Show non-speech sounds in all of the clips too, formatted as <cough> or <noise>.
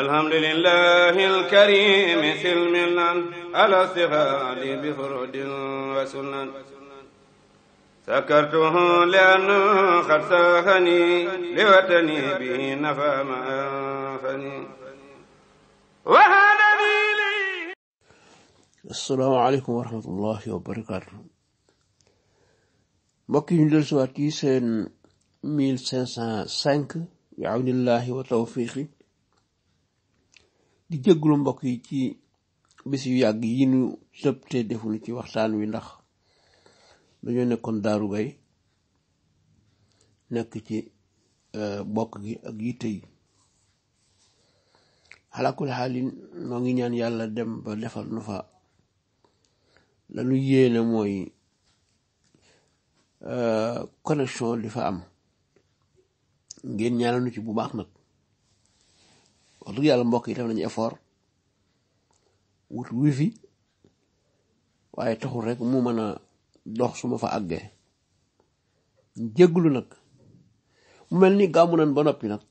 الحمد لله الكريم سلمنا على استفاد بفرد وسنن سكرته لأنه قد ساخني لوطني به نفى ما أنفني وهذا لي السلام عليكم ورحمة الله وبركاته mbokk yi ñu dellusiwaat ci seen 1505 bi awnillahi wa tawfiqi di jégglu mbokk yi ci bis yu yàgg yi nu tëb te defuñu ci waxtaan wi ndax dañoo nekkoon daaru gay nekk ci euh, bokk gi ak yitte yi xalakul xaalin noo ngi ñaan yàlla dem ba defal nu fa lañu yéene mooy euh, connexion di fa am ngeen ñaanal ci bu baax nag wax dëgg yàlla mbokk yi def nañu effort wut wifi waaye taxul rek mu mën a dox su ma fa àggee jégglu nag mu mel ni gàmmu nañ ba noppi nag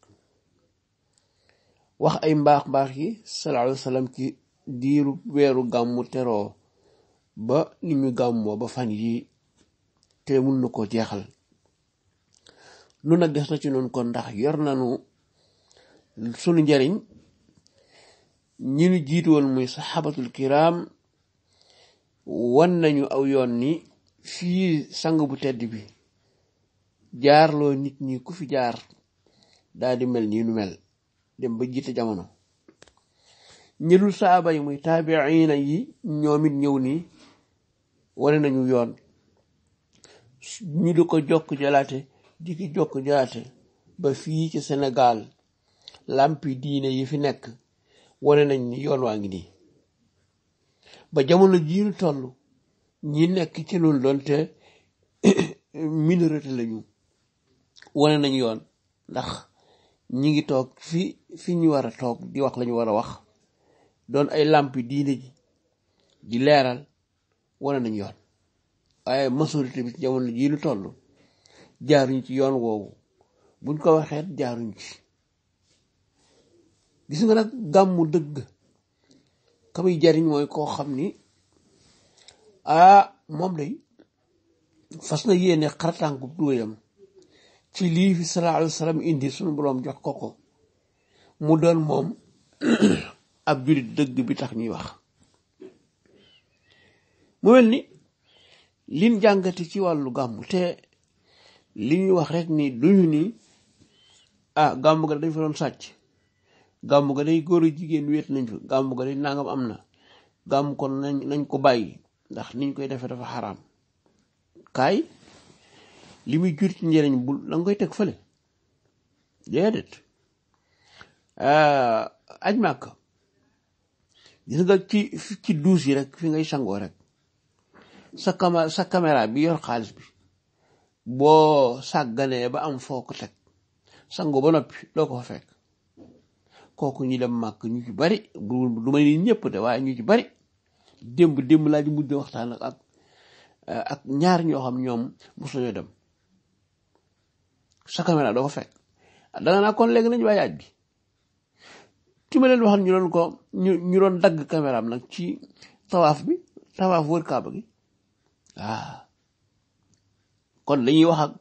wax ay mbaax mbaax yi sallallahu alayhi ci diiru weeru gàmmu teroo ba ni ñu gàmmoo ba fan yi te mun na koo jeexal nu nag des na ci noonu kon ndax yor nanu sunu njariñ ñi nu jiitu woon muy saxaabatul kiraam wan nañu aw yoon ni fii sang bu tedd bi jaarloo nit ñi ku fi jaar daa mel nii nu mel dem ba jiite jamono ñi dul saaba yi muy taabiina yi ñoom ñëw ni wane nañu yoon ñu di ko jokk jalaate di ki jokk jalaate ba fii ci Sénégal làmpi diine yi fi nekk wane nañ ni yoon waa ngi nii ba jamono jii ñu toll ñi nekk ci loolu doonte <coughs> minorité lañu wane nañ yoon ndax ñi ngi toog fi fi ñu war a toog di wax lañu war a wax doon ay làmpi diine ji di leeral wane nañ yoon waaye majorité bi ci jamono jii lu toll jaaruñ ci yoon woowu buñ ko waxeet jaaruñ ci gis nga nag gàmmu dëgg ka jariñ mooy koo xam ni ah moom day fas na yéene xaratànku duwéyam ci lii fi sallallahu alayhi wa sallam indi suñu boroom jox ko ko mu doon moom <clears throat> ab julit dëgg bi tax ñuy wax mu mel ni liñ jàngati ci wàllu gàmmu te li ñuy wax rek nii duñu ni ah gàmmu ga dañ fa doon sàcc gàmmu ga day góor jigéen wéet nañ fa gàmmu ga day nangam am na gàmmu kon nañ ko bàyyi ndax niñ koy defee dafa xaraam kaay li muy jur ci njëriñ bul danga koy teg fële déedéet ah, aj màkk gis nga ci ci duus yi rek fi ngay sangoo rek sa cama sa caméra bi yor xaalis bi boo sàgganee ba am foo ko teg sangoo ba noppi doo ko fa fekk kooku ñu dem màkk ñu ci bari du may ni ñëpp de waaye ñu ci bari démb démb laaj ji mujj waxtaan ak eh, ak ñaar ñoo xam ñoom mosuñoo dem sa caméra doo ko fekk danga naa kon léegi nañ bàyyi aj bi ki ma leen waxoon ñu ko ñu ñu doon dagg caméra nag ci tawaaf bi tawaaf wër kaaba gi waaw ah. kon dañuy wax ak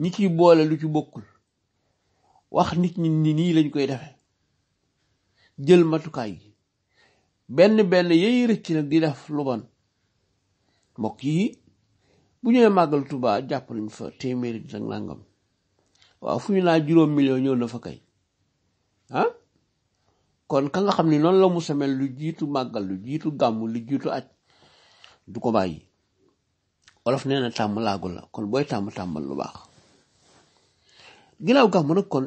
ñi ciy boole lu ci bokkul wax nit ñi ni nii lañ koy defee jël matukaay yi benn benn yey rëcc nag di def lu bon mbokk yi bu ñëwee màggal Tuubaa jàpp nañ fa téeméeri nit ak nangam waaw fu ñu naa juróom million ñëw na kay ah? kon ka nga xam ni noonu la mu samel lu jiitu màggal lu jiitu gàmmu lu jiitu aj du ko bàyyi wolof nee na tàmm laagul la kon booy tàmm tàmmal lu baax ginnaaw gàmm nag kon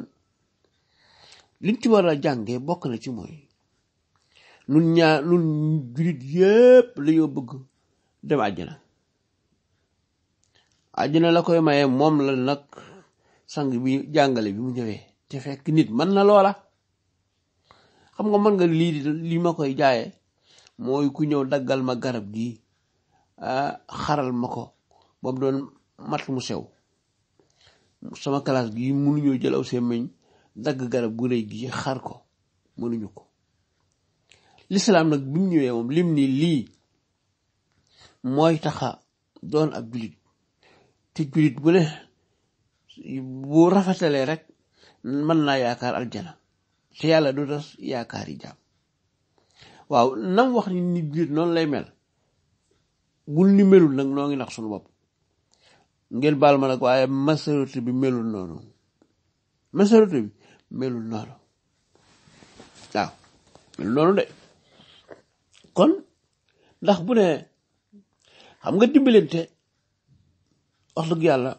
liñ ci war a jànge bokk na ci mooy nun ñaar nun julit yépp bëgg dem àjjana àjjana la koy maye moom la nag sang bi jàngale bi mu ñëwee te fekk nit mën na loola xam nga mën nga lii li ma koy jaaye mooy ku ñëw daggal ma garab gi xaral ma ko ba mu doon mat mu sew sama classe gi mënuñoo ñëw aw semmiñ dagg garab gu rëy gi xar ko mënuñu ko lislaam nag bi mu ñëwee moom lim ni lii mooy taxa doon ab julit te julit bu ne bu rafetalee rek mën naa yaakaar aljana te yàlla du tas yaakaar jaam waaw nam wax ni nit julit noonu lay mel bul ni melul nag noo ngi nax suñu bopp ngeen baal ma nag waaye masarote bi melul noonu masarote bi melul noonu waaw melul noonu de kon ndax bu ne xam nga dimbalante wax dëgg yàlla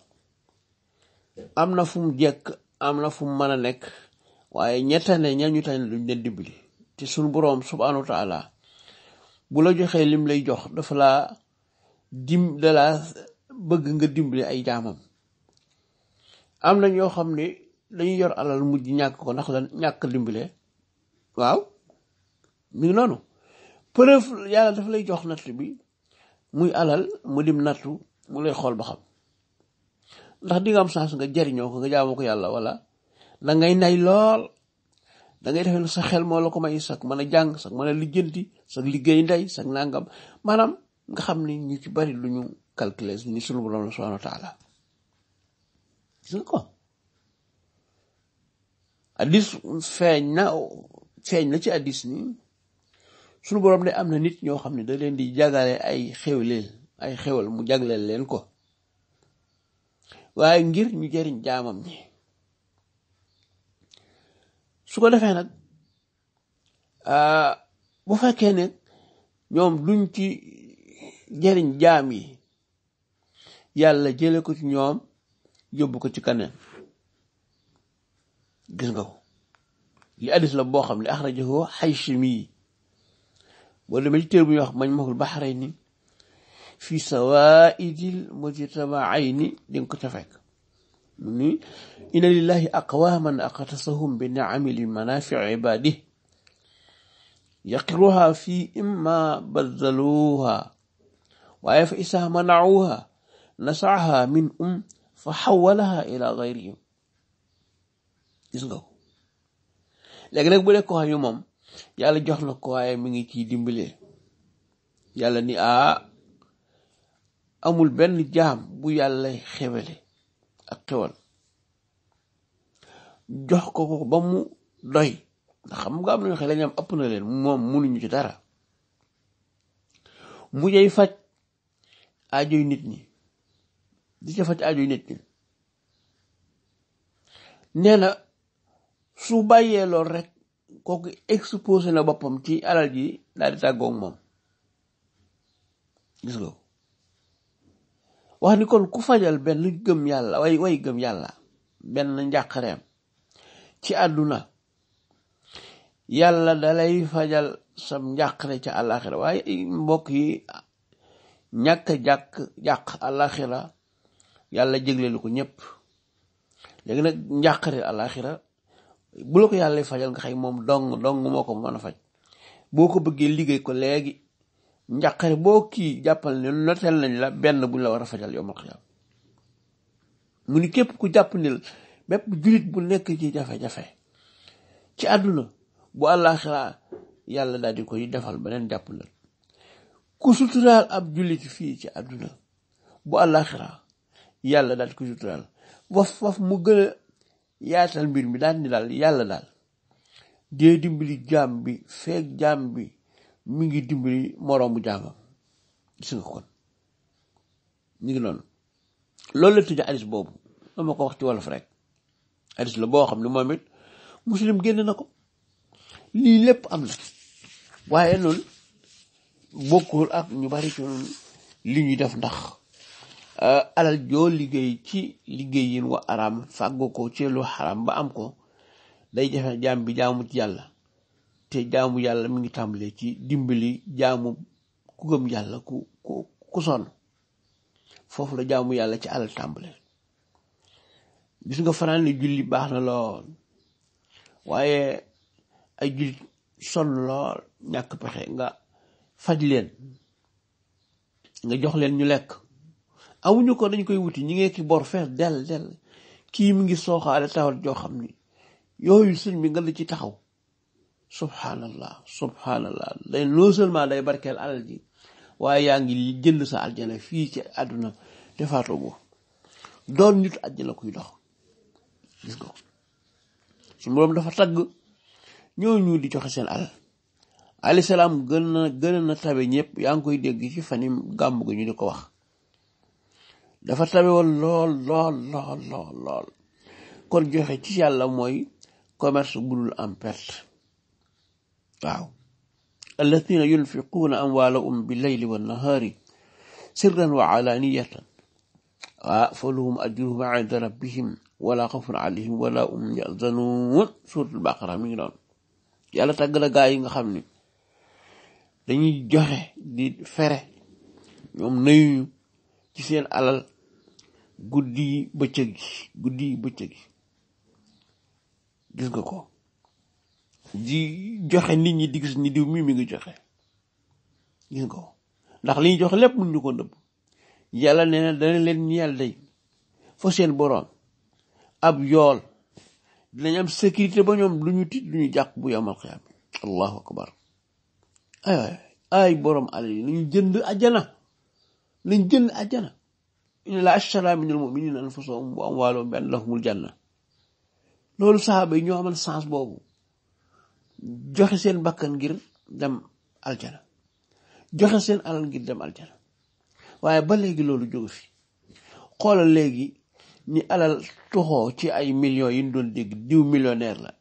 am na fu jekk am na fum mu mën a nekk waaye ñetta ne ña ñu tane duñ leen dimbali te suñu boroom subhanahu wa taala bu la joxee lim lay jox dafa la dim da bëgg nga dimbali ay jaamam am na ñoo xam ne dañuy yor alal mujj ñàkk ko ndax la ñàkk dimbale waaw mi noonu preuve yàlla dafa lay jox natt bi muy alal mu dim nattu mu lay xool ba xam ndax di am chance nga jariñoo ko nga jaamoo ko yàlla wala da ngay nay lool dangay ngay defee sa xel moo la ko may sax mën a jàng sax mën a lijjanti sax liggéey ndey sax nangam maanaam nga xam ni ñu ci bari lu ñu calculer ni sunu borom la subhanahu wa ko addis feeñ na feeñ na ci addis ni sunu boroom ne am na nit ñoo xam ne da leen di jagale ay xewleel ay xewal mu jagleel leen ko waaye ngir ñu jariñ jaamam su ko defee nag bu fekkee ne ñoom duñ ci jëriñ jaam yi yàlla jële ko ci ñoom yóbbu ko ci kaneen gis nga ko li addis la boo xam ne axrajahu xayshimi boo demee ci téere bu ñuy wax mañ maxul baxrayni fi sawaidil mujtamaaini di nga ko ca fekk mu ni inna lillahi aqwaman aqtasahum bi niamil manafiu ibadih yaqiruha fi imma baddaluha waaye fa isaa manauha nasaaha min um fa xawalaha ila gayrihim is nga ko léegi nag bu dee ko yu moom yàlla jox na ko waaye mi ngi ciy dimbalee yàlla ni ah, amul benn jaam bu yàlla xewele ak jox ko ko ba mu doy ndax xam nga am nañu xel ñam ëpp na leen moom mënuñu ci dara mu jey faj aajoy nit ñi di ca faj aajoy nit ñi nee su bàyyee lool rekk kooku exposé na boppam ci alal ji daal di tàggoog moom gis nga wax ni kon ku fajal benn gëm yàlla way gëm yàlla benn njàqareem ci àdduna yàlla dalay fajal sam njàqare ca àllaaxira waaye mbokk yi ñàkk jàkk jàq àllaaxira yàlla jégleelu ko ñépp léegi nag njàqare àllaaxira bu la ko yàlla fajal nga xëy moom dong dong moo ko mën a faj boo ko bëggee liggéey ko léegi njàqare boo kii jàppal ne noteel nañ la benn bu ñu la war a fajal yomal xiyam mu ni képp ku jàpp ni bépp jullit bu nekk ci jafe-jafe ci àdduna bu àllaaxira yàlla daal di koy defal beneen jàpp na ku suturaal ab jullit fii ci àdduna bu àllaaxira yàlla daal di suturaal waf waf mu gën yaatal mbir mi daal ni daal yàlla daal dee dimbali jaam bi feeg jaam bi mi ngi dimbali moroomu jaamam gis nga kon ñu ngi noonu loolu la tudde hadis boobu dama ko wax ci wolof rek hadis la boo xam ne moo mit muslim génn na ko lii lépp am na waaye noonu bokkul ak ñu bari ci li ñuy def ndax Euh, alal joo liggéey ci liggéeyin wa araam fàggo ko ci lu xaram ba am ko day jafe jaam bi jaamu ci yàlla te jaamu yàlla mi ngi tàmbalee ci dimbali jaamu ku gëm yàlla ku ku ku sonn foofu la jaamu yàlla ci alal tàmbale gis nga fanaan julli baax na lool waaye ay jullit sonn lool ñàkk pexe nga faj leen nga jox leen ñu lekk ñu ko dañ koy wuti ñi ngee ki bor fees dell dell kii mi ngi sooxaale tawat joo xam ni yooyu sëñ bi nga la ci taxaw subhanallah subhanallah day non seulement day barkeel alal ji waaye yaa ngi jënd sa aljana fii ci àdduna defaatoo boobu doon nit aljana kuy dox gis nga su boroom dafa tagg ñoo ñu di joxe seen alal alayhi salaam gën na gën na tabe ñëpp yaa ngi koy dégg ci fanim gàmm gi ñu di ko wax dafa tabe woon lool lool lool lool lool kon joxe ci yàlla mooy commerce bu dul am perte waaw alladina yunfiquuna amwaalahum bi leyli wa nahaari sirran wa alaaniyatan wa falahum ajruhum inda rabbihim wala xawfun alayhim wala hum yaxzanuun suuratul baqara mi ngi doon yàlla tàgg la gaa yi nga xam ni dañuy joxe di fere ñoom nayuñu ci seen alal guddi yi gi guddi yi gis nga ko di joxe nit ñi di gis ni diw mii mi ngi joxe gis ko ndax li ñu joxe lépp mënuñu ko nëbb yàlla nee na dana leen ñeel day fa seen boroom ab yool dinañ am sécurité ba ñoom lu ñu tiit lu ñu jàq bu yamal xiyaam allahu akbar ay boroom àll yi nañu jënd ajana nañ jënd ajana inna la ashtara minal mu'minina anfusahum wa amwalahum bi anna lahumul janna loolu saxaaba yi ñoo amal sens boobu joxe seen bakkan ngir dem aljana joxe seen alal ngir dem aljana waaye ba léegi loolu jógu fi xoolal léegi ñi alal toxoo ci ay million yi ñu doon dégg diw millionnaire la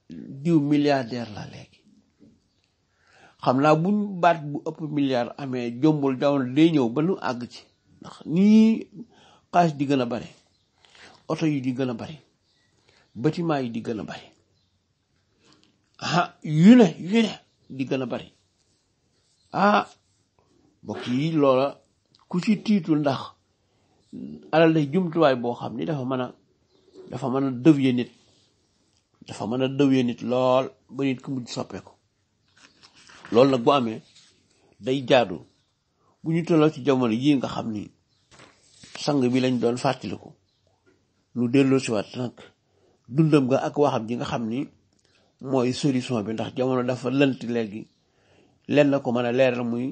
diw milliardaire la léegi xam naa buñ baat bu ëpp milliard amee jombul dawoon day ñëw ba nu àgg ci ndax nii xaaj di gën a bare oto yi di gën a bare bâtiment yi di gën a bare ah yu ne yu ne di gën a bare ah mbokk yi loola ku ci tiitul ndax alal day jumtuwaay boo xam ni dafa mën a dafa mën a dëwye nit dafa mën a dëwye nit lool ba nit ku mujj soppeeku loolu nag bu amee day jaadu bu ñu tolloo ci jamono yii nga xam ni sang bi lañ doon fàttaliku lu delloo siwaat nag dundam nga ak waxam ji nga xam ni mooy solution bi ndax jamono dafa lënt léegi lenn ko mën a leeral muy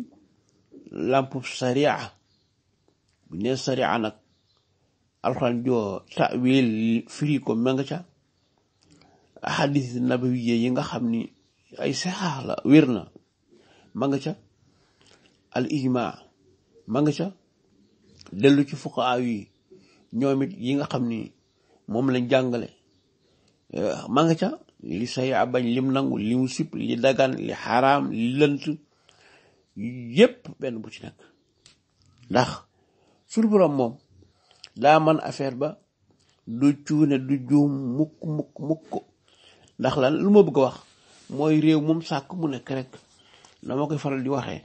làmpu sariya bu nee sariya nag alxuraan joo tawil firi ko ma nga ca xadis nabawiye yi nga xam ni ay saxaax la wér na ma nga ca al ijma ma nga ca dellu ci fuqaa yi ñoomit yi nga xam ni moom lañ jàngale eh, ma nga ca li say abañ lim nangu li mu sip li dagan li xaraam li lënt yépp benn bu ci nekk ndax suñu moom daa man affaire ba du cuune du juum mukk mukk mukk ndax la lu ma bëgg a wax mooy réew moom sàkk mu nekk rek na ma koy faral di waxee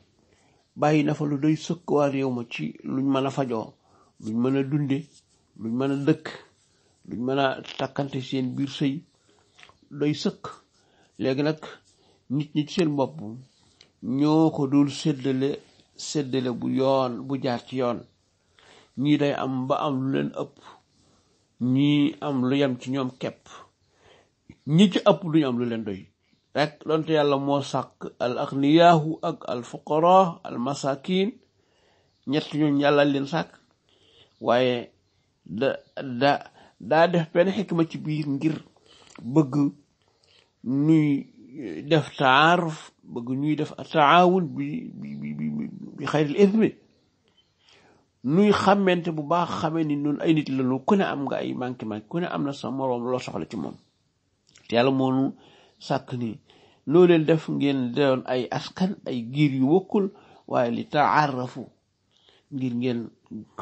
bàyyi na fa lu doy sëkk waa réew ma ci luñ mën a fajo luñ mën a dunde luñ mën a dëkk luñ mën a takkante seen biir sëy doy sëkk léegi nag nit ñi seen bopp ñoo ko dul seddale seddale bu yoon bu jaar ci yoon ñii day am ba am lu leen ëpp ñii am lu yem ci ñoom kepp ñi ci ëpp duñu am lu leen doy rek donte yàlla moo sàkk al aghniyaahu ak al fuqara al masakin ñett ñooñu yàlla leen sàkk waaye da da def benn xikma ci biir ngir bëgg nuy def taaruf bëgg ñuy def taawun bi bi bi bi xayril ismi nuy xamante bu baax xamee ni noonu ay nit la ñu ku ne am nga ay manqué manqué ku ne am na sa moroom loo soxla ci moom te yàlla moonu sàkk nii loo leen def ngeen doon ay askan ay giir yu wokkul waaye li taarafu ngir ngeen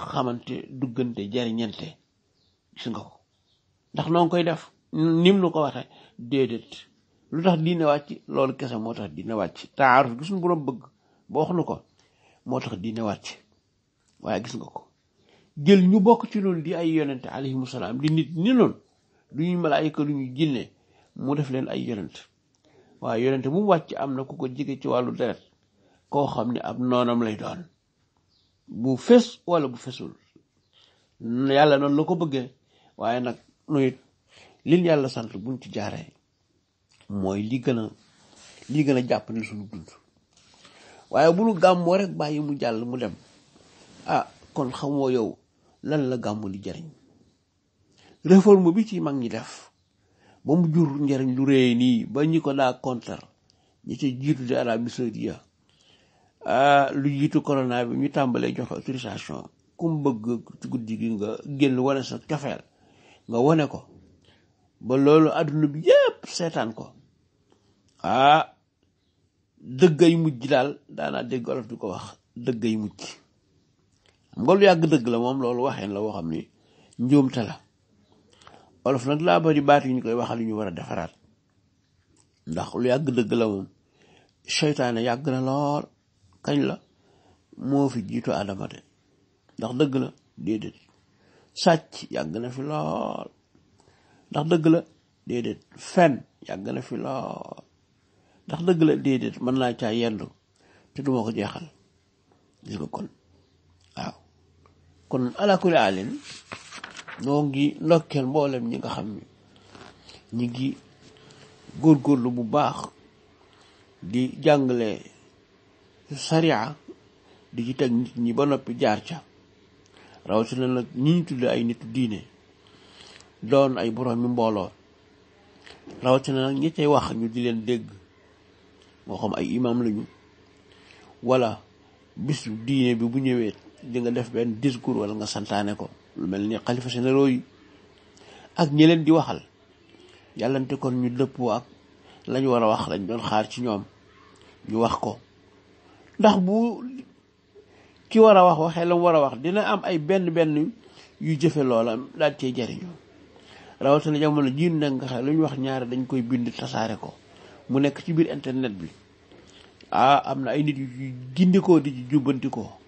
xamante duggante jariñante gis nga ko ndax noo koy def nim nu ko waxe déedéet lu tax diine wàcc loolu kese moo tax diine wàcc taaruf gi suñu borom bëgg ba wax ko moo tax diine wàcc waaye gis nga ko jël ñu bokk ci loolu di ay yonente alayhimu salaam di nit ni noonu duñu lu duñu jinne mu def leen ay yonent waaye yonente mu wàcc am na ku ko jege ci wàllu deret koo xam ne ab noonam lay doon bu fés walla bu fésul yàlla noonu la ko bëggee waaye nag nuyit lin yàlla sant buñ ci jaaree mooy li gën a li gën a jàpp suñu dund waaye bu nu gàmmoo rek bàyyi mu jàll mu dem ah kon xamoo yow lan la gàmmu di jariñ réforme bi ci mag ñi def ba mu jur njariñ lu rëy nii ba ñi ko daa kontar ñi ci jiitu di Arabie Saoudite ah, lu jiitu corona bi ñu tàmbalee joxe autorisation ku mu bëgg guddi gi nga génn wane sa cofeel nga wone ko ba loolu àdduna bi yépp seetaan ko ah dëggay mujj daal daanaa dégg olof di ko wax dëgg dëggay mujj xam nga lu yàgg dëgg la moom loolu waxee la woo ni njuumte la olof nag laa bari baat yu ñu koy waxal yu ñu war a defaraat ndax lu yàgg dëgg la moom seytaane yàgg na lool kañ la moo fi jiitu Adama de ndax dëgg la déedéet sàcc yàgg dëgg la déedéet fen yàgg na fi lool ndax dëgg la déedéet mën naa caa yendu te duma ko jeexal gis nga kon waaw kon ala kulli ñoo ngi ndokkeel mboolem ñi nga xam ni ñi ngi góor góorlu bu baax di jàngale sariya di nit ñi ba noppi jaar ca rawatina nag ñi ñu tudde ay nit diine doon ay boroomi mbooloo rawatina nag ñi cay wax ñu di leen dégg moo xam ay imam lañu walla bisu diine bi bu ñëwee di nga def benn discours wala nga santaane ko lu mel ni xalifa généraux yi ak ñi leen di waxal yàllante kon ñu dëpp ak lañu war a wax lañ doon xaar ci ñoom ñu wax ko ndax bu ki war a wax waxee la war a wax dina am ay benn benn yu jëfe loola daal cee jariñu rawatina jamono jiin nag nga xam lu ñu wax ñaari dañ koy bind tasaare ko mu nekk ci biir internet bi ah am na ay nit yu gindikoo di jubbantikoo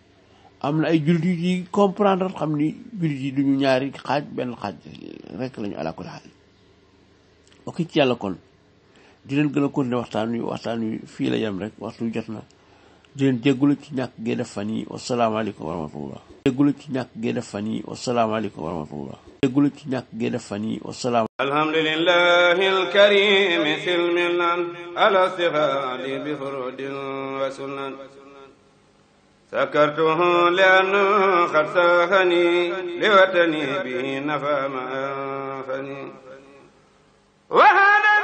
am na ay jullit yu ci comprendre xam ni jullit yi duñu ñaari xaaj benn xaaj rek lañu alakul xaal ok ci yàlla kon di leen gën a continuer waxtaan wi waxtaan wi fii la yem rek waxtu jot na di leen jéggulu ci ñàkk gee def fan yi wasalaamaaleykum wa rahmatullah ci ñàkk gee def fan yi wasalaamaaleykum wa rahmatullah jéggulu ci ñàkk gee def fan yi wasalaam alhamdulillahi alkarim bi furudin wa sunan سكرته لأنه قد ساخني لوتني به نفى ما أنفني وهذا